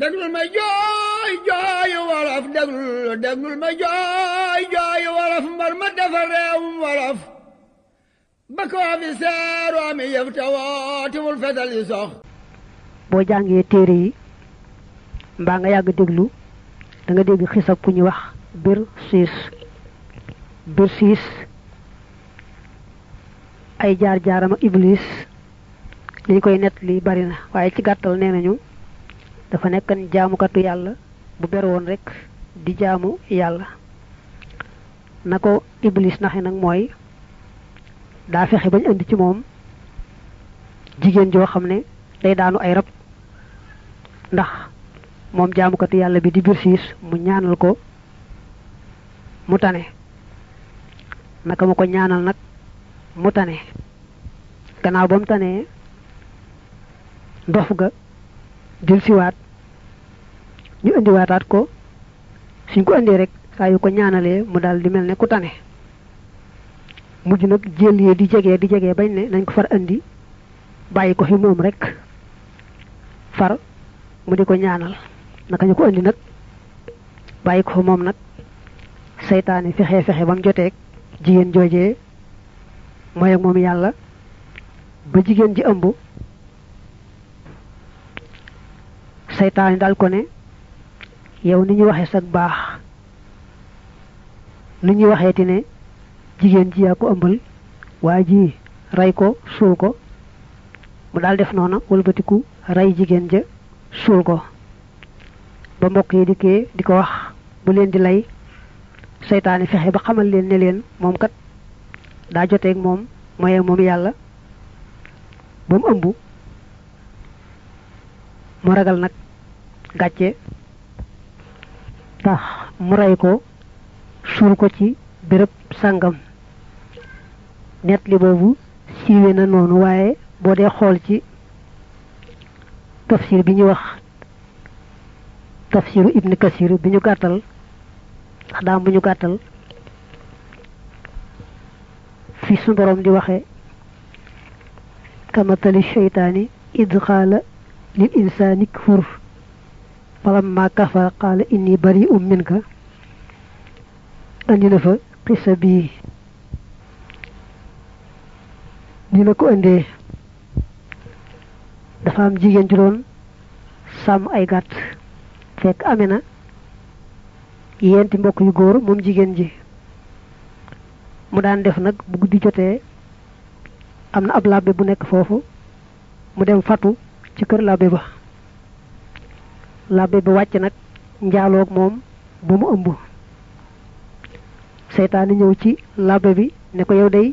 déglul ma jooy jooyu wolof déglul déglul ma jooy jooyu wolof mbar ma dafa réewum wolof ba ko fi seeru yëf te wootiwul fetal yi sox boo jàngee téere yi mbaa nga yàgg déglu danga nga dégg xisab ku ñuy wax bir siis bir siis ay jaar jaaram ak iblis li ñu koy nett li bari na waaye ci gàttal nee nañu dafa nekkan jaamukatu yàlla bu beroon rek di jaamu yàlla na ko iblis naxe nag mooy daa fexe bañ indi ci moom jigéen joo xam ne day daanu ay rab ndax moom jaamukatu yàlla bi di Birsiis mu ñaanal ko mu tane naka ma ko ñaanal nag mu tane gannaaw ba tanee ndof ga dil siwaat ñu indiwaataat ko suñ ko indee rek saa yu ko ñaanalee mu daal di mel ne ku tane mujj nag jël yee di jege di jege bañ ne nañ ko far indi bàyyi ko fi moom rek far mu di ko ñaanal naka ñu ko indi nag bàyyi ko fi moom nag seytaane fexe fexe bam mu jigéen joojee mooy ak moom yàlla ba jigéen ji ëmb seytaane daal ko ne yow ni ñuy waxee sag baax nu ñuy waxee ti ne jigéen ji yaa ko ëmbal waa ji rey ko suul ko mu daal def noona wëlbatiku rey jigéen ja suul ko ba mbokk yi dikkee di ko wax bu leen di lay seytaane fexe ba xamal leen ne leen moom kat daa joteek moom moye moom yàlla ba mu ëmb mu ragal nag gàcce tax mu rey ko suul ko ci bërëb sàngam net li boobu siiwe na noonu waaye boo dee xool ci tafsir bi ñu wax tafsiru ibn kasir bi ñu gàttal ndax daam bu ñu gàttal fi su borom di waxe kamatali sheytaani id xaala lil insaani kfur falamma kafara indi bari bari'un minka andi na fa xisa bii ni la ko indee dafa am jigéen ju doon sàmm ay gàtt fekk ame na yenti mbokk yu góor moom jigéen ji mu daan def nag bu guddi jotee am na ab labbe bu nekk foofu mu dem fatu ci kër labbe ba labbe bi wàcc nag njaaloog moom bu mu ëmb seytaane ñëw ci labbe bi ne ko yow day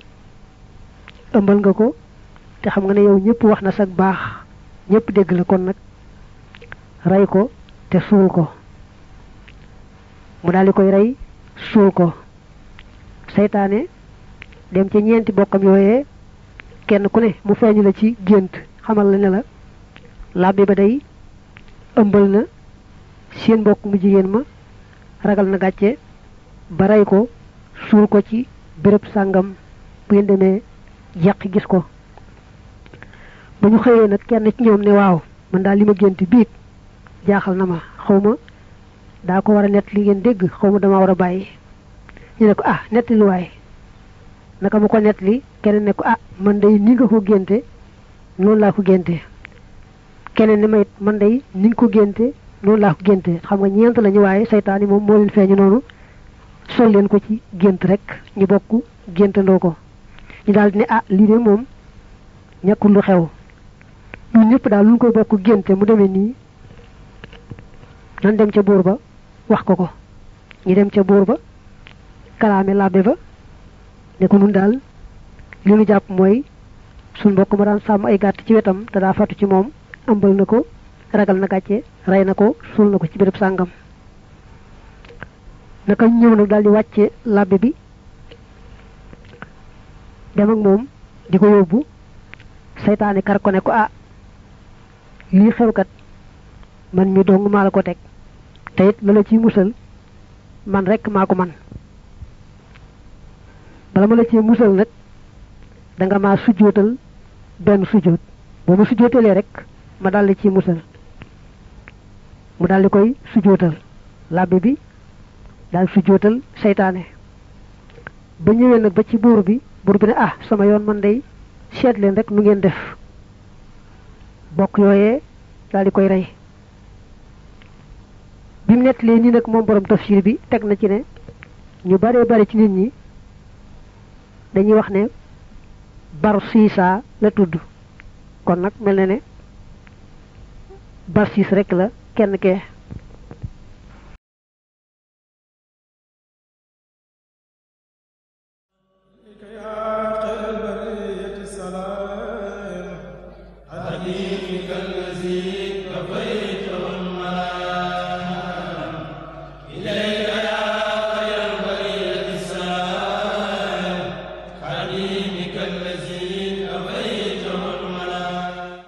ëmbal nga ko te xam nga ne yow ñëpp wax na sag baax ñëpp dégg la kon nag rey ko te suul ko mu daal koy rey suul ko seytaane dem ci ñeenti bokkam yooye kenn ku ne mu feeñu la ci gént xamal la ne la labbe ba day ëmbal na seen mbokk mu jigéen ma ragal na gàcce ba rey ko suul ko ci béréb sàngam bu ngeen demee yàq gis ko ba ñu xëyee nag kenn ci ñoom ne waaw man daal li ma gént biig jaaxal na ma xaw ma daa ko war a nett li ngeen dégg xaw ma dama war a bàyyi ñu ne ko ah nett li waaye naka ma ko nett li keneen ne ko ah man day ni nga ko génte noonu laa ko génte keneen ni mayit man day ni ñu ko génte noonu laa génte xam nga ñeent lañu waaye seytaan yi moom moo leen feeñu noonu sol leen ko ci gént rek ñu bokk géntandoo ko ñu daal di ne ah lii de moom ñàkkul lu xew ñun ñëpp daal lu ñu koy bokk génte mu demee nii nan dem ca buur ba wax ko ko ñu dem ca buur ba kalaame labbe ba ne ko nun daal li ñu jàpp mooy sun mbokk ma daan sàmm ay gàtt ci wetam te daa fàttu ci moom ëmbal na ko ragal na gàcce rey na ko suul na ko ci béréb sàngam naka ñëw nag daal di wàcce labbe bi dem ak moom di ko yóbbu seytaane kar ko ne ko ah lii xewkat man mi dong maa la ko teg te it la la musal man rekk maa ko man bala ma la ci musal nag da nga maa sujjootal benn sujjoot boo ma sujjootalee rek ma daal di ci musal mu daldi koy sujootal labbe bi daal sujootal seytaane ba ñëwee nag ba ci buur bi buur bi ne ah sama yoon man day seet leen rek nu ngeen def bokk yooyee daal di koy rey bi mu nettalee nii nag moom borom tafsir bi teg na ci ne ñu baree bari ci nit ñi dañuy wax ne bar siisaa la tudd kon nag mel na ne barsis rek la kenn kee